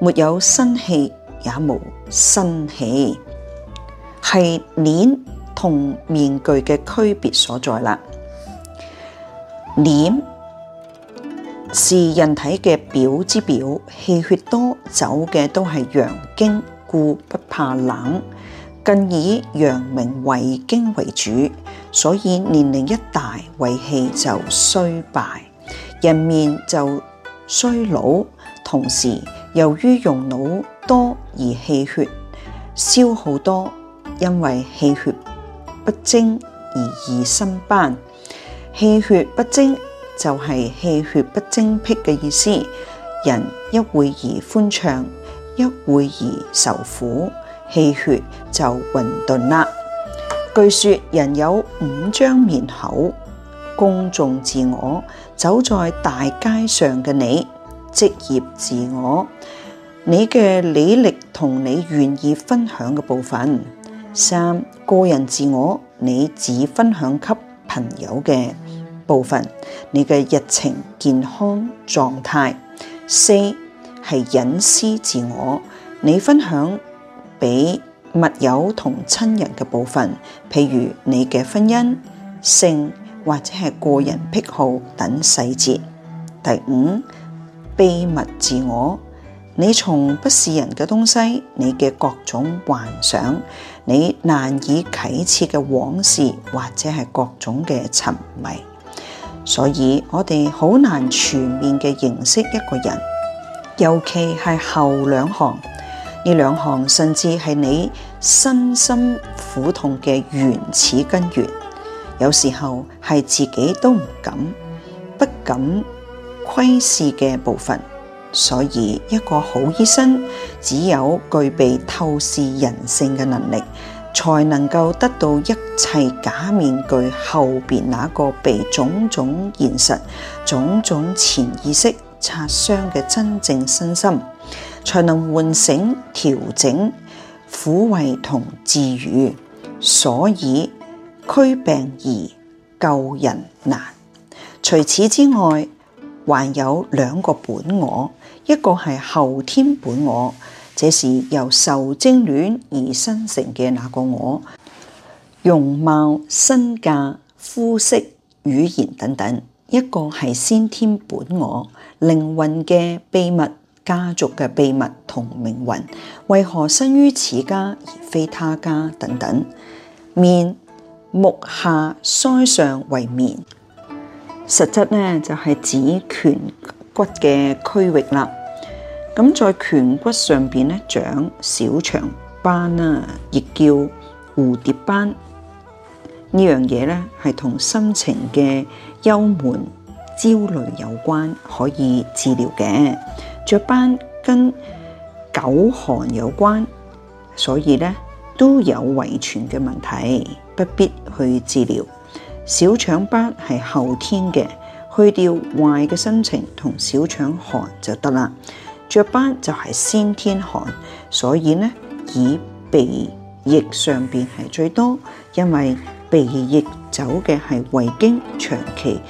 沒有生氣，也無生氣，係臉同面具嘅區別所在啦。臉是人體嘅表之表，氣血多走嘅都係陽經，故不怕冷，更以陽明胃經為主，所以年齡一大胃氣就衰敗，人面就衰老，同時，由於用腦多而氣血消耗多，因為氣血不精而易生斑。氣血不精就係氣血不精辟嘅意思。人一會兒歡暢，一會兒愁苦，氣血就混沌啦。據說人有五張面孔，公眾自我，走在大街上嘅你。職業自我，你嘅履歷同你願意分享嘅部分；三、個人自我，你只分享給朋友嘅部分，你嘅日程、健康狀態。四、係隱私自我，你分享俾密友同親人嘅部分，譬如你嘅婚姻、性或者係個人癖好等細節。第五。秘密自我，你從不是人嘅東西，你嘅各種幻想，你難以啟齒嘅往事，或者係各種嘅沉迷，所以我哋好難全面嘅認識一個人，尤其係後兩行，呢兩行甚至係你身心苦痛嘅原始根源，有時候係自己都唔敢，不敢。窺視嘅部分，所以一個好醫生只有具備透視人性嘅能力，才能夠得到一切假面具後邊那個被種種現實、種種潛意識擦傷嘅真正身心，才能喚醒、調整、撫慰同治癒。所以驅病易，救人難。除此之外，還有兩個本我，一個係後天本我，這是由受精卵而生成嘅那個我，容貌、身價、膚色、語言等等；一個係先天本我，靈魂嘅秘密、家族嘅秘密同命運，為何生於此家而非他家等等。面目下腮上為面。實質呢，就係、是、指顴骨嘅區域啦，咁在顴骨上邊咧長小長斑啦、啊，亦叫蝴蝶斑。呢樣嘢呢，係同心情嘅憂悶焦慮有關，可以治療嘅。雀斑跟久寒有關，所以呢，都有遺傳嘅問題，不必去治療。小腸斑係後天嘅，去掉壞嘅心情同小腸寒就得啦。雀斑就係先天寒，所以呢，以鼻翼上面係最多，因為鼻翼走嘅係胃經，長期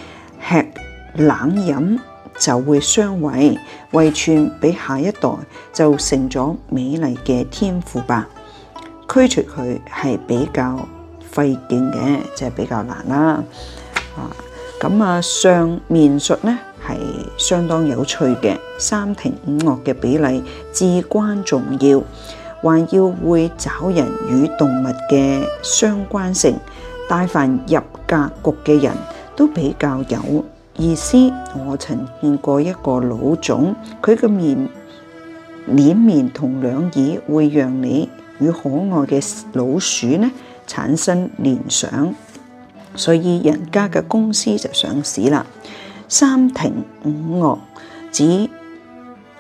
吃冷飲就會傷胃，胃串比下一代就成咗美麗嘅天賦吧。驅除佢係比較費勁嘅，即係比較難啦。啊，咁啊，相面術呢係相當有趣嘅，三庭五岳嘅比例至關重要，還要會找人與動物嘅相關性。大凡入格局嘅人都比較有意思。我曾見過一個老總，佢嘅面臉面同兩耳會讓你與可愛嘅老鼠呢。產生聯想，所以人家嘅公司就上市啦。三庭五岳指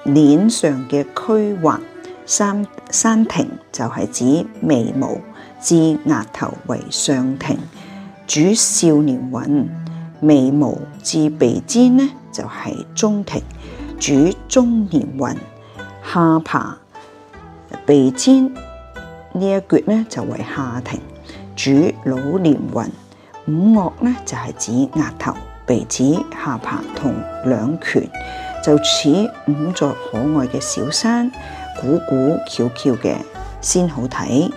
臉上嘅區域，三三庭就係指眉毛至額頭為上庭，主少年運；眉毛至鼻尖呢就係、是、中庭，主中年運；下巴鼻尖這一呢一橛呢就為下庭。主老年魂，五嶽咧就係、是、指額頭、鼻子、下巴同兩拳，就似五座可愛嘅小山，鼓鼓翹翹嘅先好睇。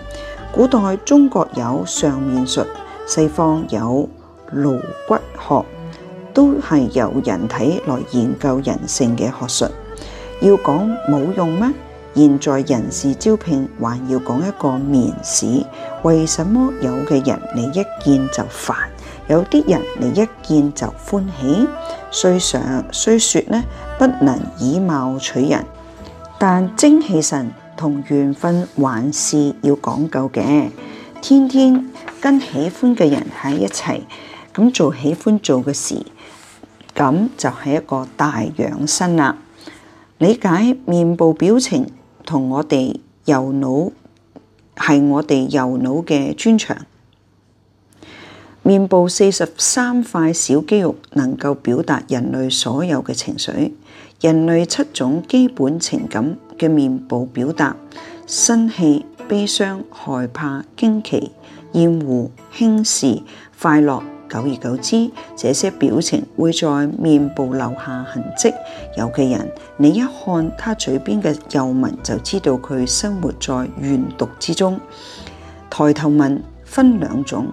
古代中國有相面術，西方有顱骨學，都係由人體來研究人性嘅學術。要講冇用咩？現在人事招聘，還要講一個面試。為什麼有嘅人你一見就煩，有啲人你一見就歡喜？雖常雖說呢不能以貌取人，但精氣神同緣分還是要講究嘅。天天跟喜歡嘅人喺一齊，咁做喜歡做嘅事，咁就係一個大養生啦。理解面部表情。同我哋右腦，係我哋右腦嘅專長。面部四十三塊小肌肉能夠表達人類所有嘅情緒。人類七種基本情感嘅面部表達：生氣、悲傷、害怕、驚奇、厭惡、輕視、快樂。久而久之，這些表情會在面部留下痕跡。有嘅人，你一看他嘴邊嘅幼紋，就知道佢生活在怨毒之中。抬頭紋分兩種，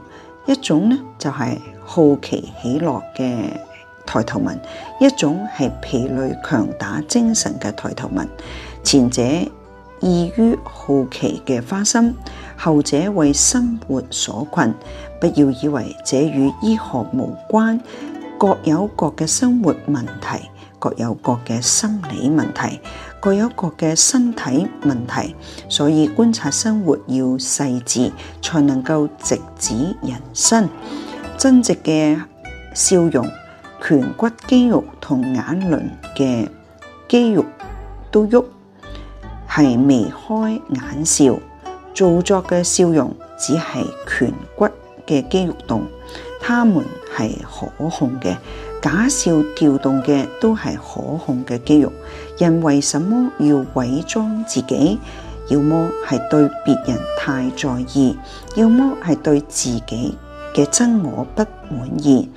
一種呢就係好奇喜樂嘅抬頭紋，一種係疲累強打精神嘅抬頭紋。前者易於好奇嘅花心，後者為生活所困。不要以為這與醫學無關，各有各嘅生活問題，各有各嘅心理問題，各有各嘅身體問題，所以觀察生活要細緻，才能夠直指人生。真直嘅笑容，顴骨肌肉同眼輪嘅肌肉都喐，係眉開眼笑；做作嘅笑容，只係顴骨嘅肌肉動，他們係可控嘅。假笑調動嘅都係可控嘅肌肉。人為什麼要偽裝自己？要麼係對別人太在意，要麼係對自己嘅真我不滿意。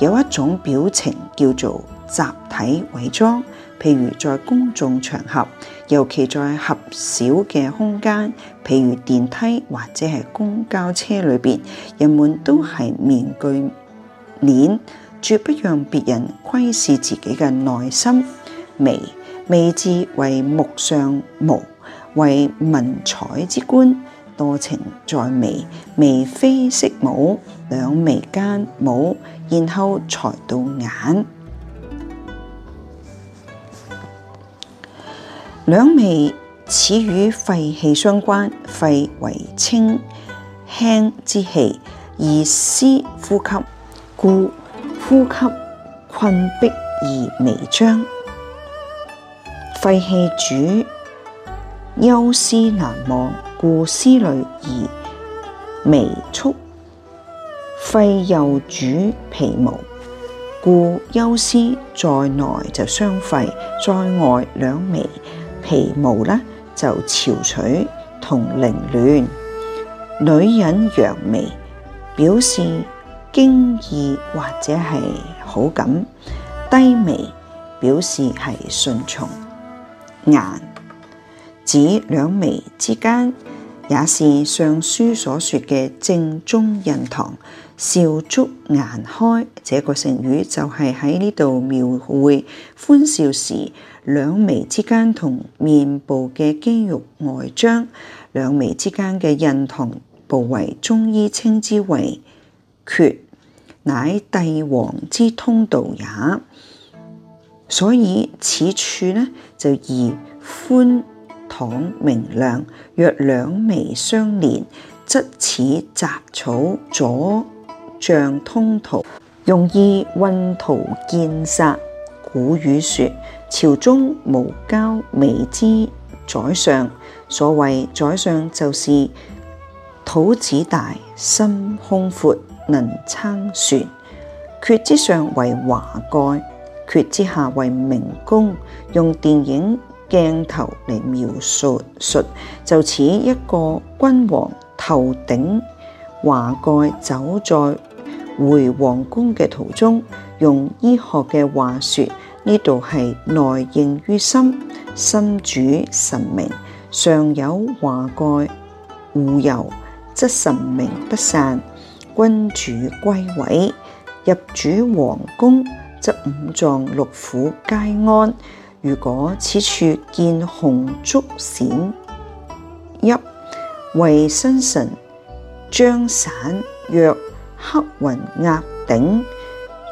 有一種表情叫做集體偽裝，譬如在公眾場合。尤其在狹小嘅空間，譬如電梯或者係公交車裏邊，人們都係面具臉，絕不讓別人窺視自己嘅內心。眉，眉字為目上毛，為文采之官，多情在眉。眉飛色舞，兩眉間舞，然後才到眼。兩眉始與肺氣相關，肺為清輕之氣，而司呼吸，故呼吸困閉而眉張。肺氣主憂思難忘，故思慮而眉蹙；肺又主皮毛，故憂思在內就傷肺，在外兩眉。皮毛呢，就憔悴同凌亂，女人揚眉表示驚異，或者係好感，低眉表示係順從。顏指兩眉之間。也是上書所說嘅正宗印堂笑逐顏開，這個成語就係喺呢度描繪歡笑時兩眉之間同面部嘅肌肉外張，兩眉之間嘅印堂部位，中醫稱之為闕，乃帝王之通道也。所以此處呢就宜寬。堂明亮，若兩眉相連，則此雜草，阻障通途，容易困途見殺。古語說：朝中無交眉之宰相。所謂宰相，就是肚子大、心胸闊，能撐船。闕之上為華蓋，闕之下為明宮。用電影，鏡頭嚟描述述，就似一個君王頭頂華蓋走在回皇宮嘅途中。用醫學嘅話說，呢度係內應於心，心主神明。上有華蓋護佑，則神明不散；君主歸位，入主皇宮，則五臟六腑皆安。如果此處見紅竹閃，一為新神將散，若黑雲壓頂，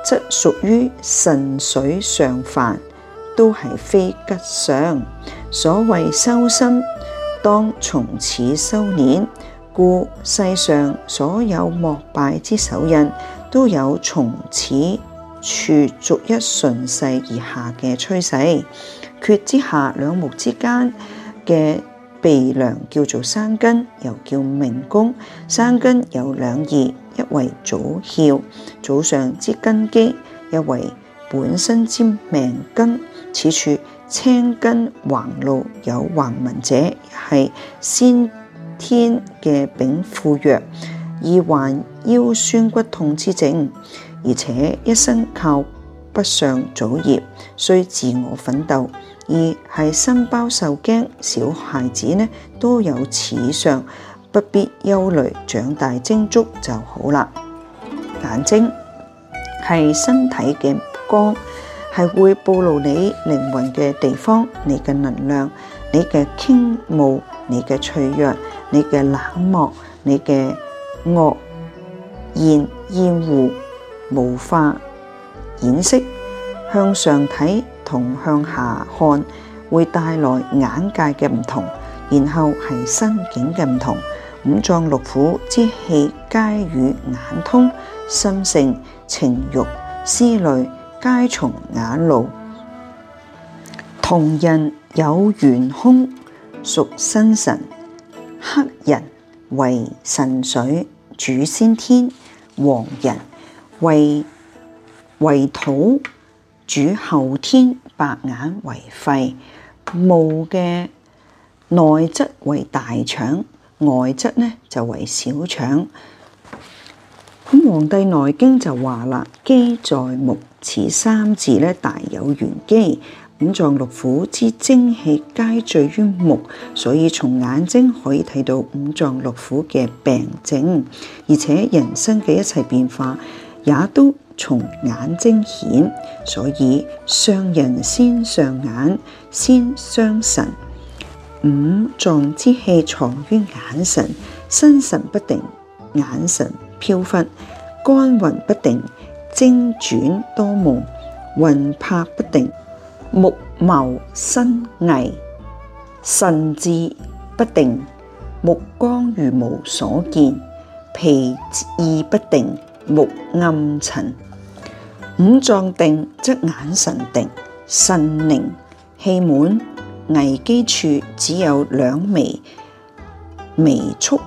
則屬於神水上凡，都係非吉祥。所謂修身，當從此修練，故世上所有膜拜之手印，都有從此。處逐一順勢而下嘅趨勢，缺之下兩目之間嘅鼻梁叫做山根，又叫明宮。山根有兩義，一為祖竅，祖上之根基；一為本身之命根。此處青筋橫露有橫紋者，係先天嘅稟賦弱，易患腰酸骨痛之症。而且一生靠不上祖業，需自我奮鬥。二係身包受驚，小孩子呢都有此相，不必憂慮，長大精足就好啦。眼睛係身體嘅光，係會暴露你靈魂嘅地方，你嘅能量，你嘅傾慕，你嘅脆弱，你嘅冷漠，你嘅惡言厭惡。無法掩飾，向上睇同向下看會帶來眼界嘅唔同，然後係身境嘅唔同。五臟六腑之氣皆與眼通，心性情慾思慮皆從眼露。瞳仁有圓空，屬心神；黑人為神水，主先天；黃人。為為土主後天，白眼為肺，木嘅內質為大腸，外質呢就為小腸。咁《黃帝內經就》就話啦，機在目此三字咧，大有玄機。五臟六腑之精氣皆聚於目，所以從眼睛可以睇到五臟六腑嘅病症，而且人生嘅一切變化。也都從眼睛顯，所以傷人先傷眼，先傷神。五臟之氣藏於眼神，心神不定，眼神飄忽，肝魂不定，精轉多夢，魂魄不定，目眸生翳，神志不定，目光如無所見，脾意不定。目暗沉，五臟定則眼神定，神凝氣滿，危機處只有兩眉微蹙，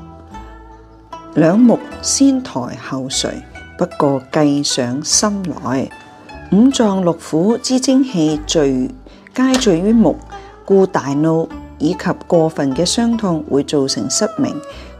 兩目先抬後垂，不過計上心來。五臟六腑之精氣聚，皆聚於目，故大怒以及過分嘅傷痛會造成失明。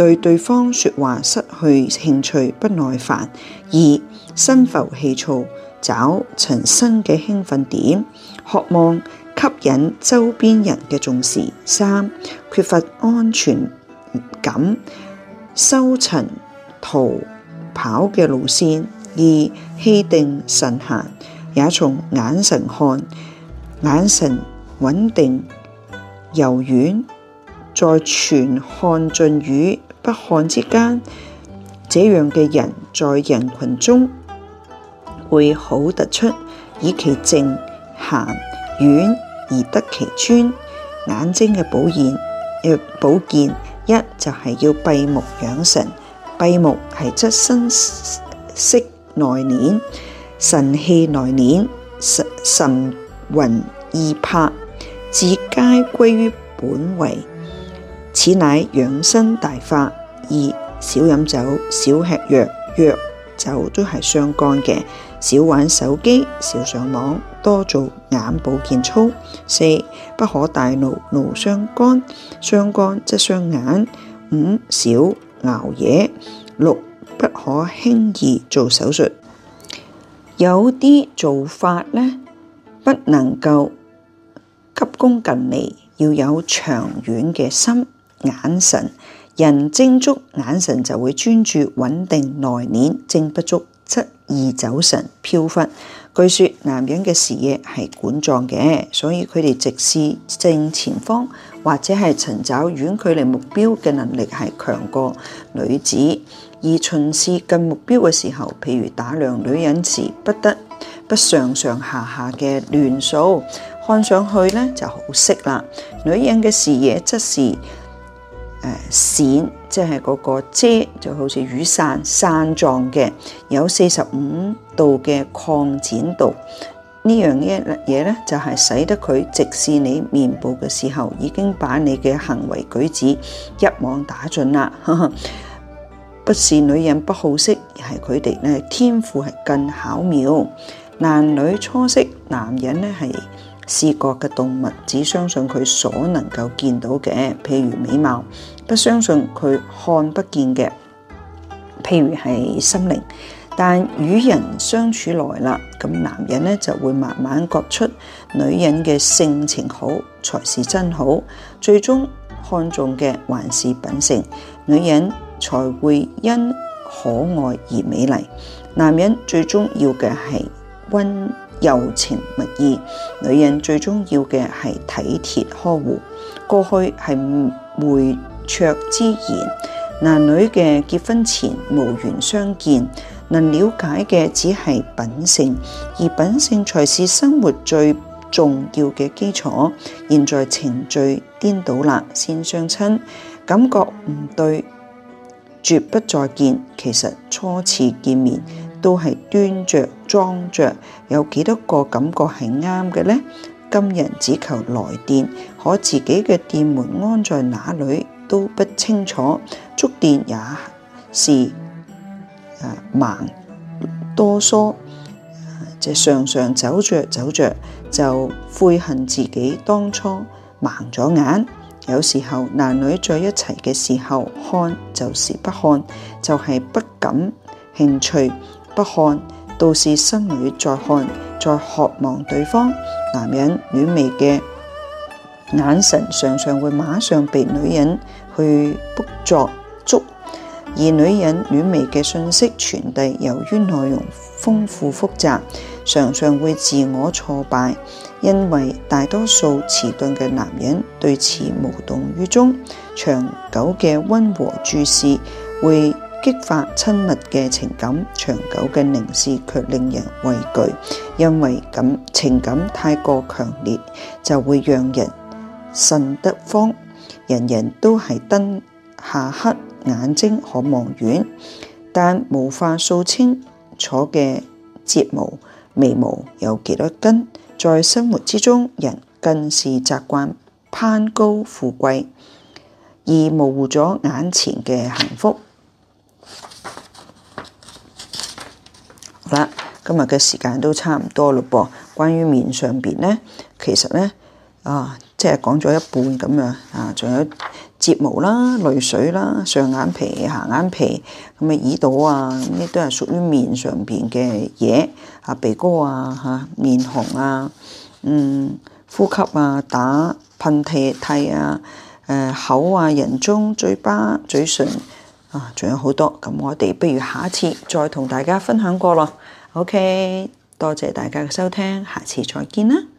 對對方說話失去興趣，不耐煩；二心浮氣躁，找尋新嘅興奮點，渴望吸引周邊人嘅重視；三缺乏安全感，搜尋逃跑嘅路線；二氣定神閒，也從眼神看，眼神穩定柔軟，再全看盡魚。北漢之間，這樣嘅人在人群中會好突出，以其靜、閒、遠而得其專。眼睛嘅保養，呃、保健，一就係要閉目養神。閉目係則身息內斂，神氣內斂，神神魂易魄，自皆歸於本位。此乃養生大法。二，少飲酒，少吃藥，藥酒都係傷肝嘅。少玩手機，少上網，多做眼保健操。四，不可大怒，怒傷肝，傷肝則傷眼。五，少熬夜。六，不可輕易做手術。有啲做法呢，不能夠急功近利，要有長遠嘅心。眼神人精足，眼神就會專注穩定內斂，精不足則易走神飄忽。據說男人嘅視野係管狀嘅，所以佢哋直視正前方或者係尋找遠距離目標嘅能力係強過女子。而巡視近目標嘅時候，譬如打量女人時，不得不上上下下嘅亂掃，看上去咧就好色啦。女人嘅視野則是。誒，扇、呃、即係嗰個遮，就好似雨傘傘狀嘅，有四十五度嘅擴展度。樣呢樣嘢嘢咧，就係、是、使得佢直視你面部嘅時候，已經把你嘅行為舉止一網打盡啦。 不是女人不好色，而係佢哋咧天賦係更巧妙。男女初識，男人呢係。視覺嘅動物，只相信佢所能夠見到嘅，譬如美貌，不相信佢看不見嘅，譬如係心靈。但與人相處來啦，咁男人呢就會慢慢覺出女人嘅性情好才是真好，最終看中嘅還是品性。女人才會因可愛而美麗，男人最重要嘅係溫柔情蜜意，女人最重要嘅係體貼呵護。過去係媒妁之言，男女嘅結婚前無緣相見，能了解嘅只係品性，而品性才是生活最重要嘅基礎。現在程序顛倒啦，先相親感覺唔對，絕不再見。其實初次見面，都係端著裝著，有幾多個感覺係啱嘅呢？今日只求來電，可自己嘅電門安在哪裏都不清楚。觸電也是誒盲多疏，即係常常走著走著就悔恨自己當初盲咗眼。有時候男女在一齊嘅時候，看就是不看，就係不感興趣。不看，倒是心裏在看，在渴望對方。男人曖昧嘅眼神，常常會馬上被女人去捕捉。捉，而女人曖昧嘅信息傳遞，由於內容豐富複雜，常常會自我挫敗，因為大多數遲鈍嘅男人對此無動於衷。長久嘅温和注視會。激發親密嘅情感，長久嘅凝視卻令人畏懼，因為感情感太過強烈，就會讓人慎得慌。人人都係燈下黑，眼睛可望遠，但無法數清楚嘅睫毛、眉毛有幾多根。在生活之中，人更是習慣攀高富貴，而模糊咗眼前嘅幸福。今日嘅時間都差唔多嘞。噃，關於面上邊咧，其實咧啊，即係講咗一半咁樣啊，仲有睫毛啦、淚水啦、上眼皮、下眼皮，咁啊耳朵啊，呢啲、啊、都係屬於面上邊嘅嘢啊，鼻哥啊嚇、啊，面紅啊，嗯，呼吸啊，打噴嚏涕啊，誒、呃、口啊，人中、嘴巴、嘴唇啊，仲有好多，咁我哋不如下一次再同大家分享過咯。OK，多謝大家嘅收聽，下次再見啦。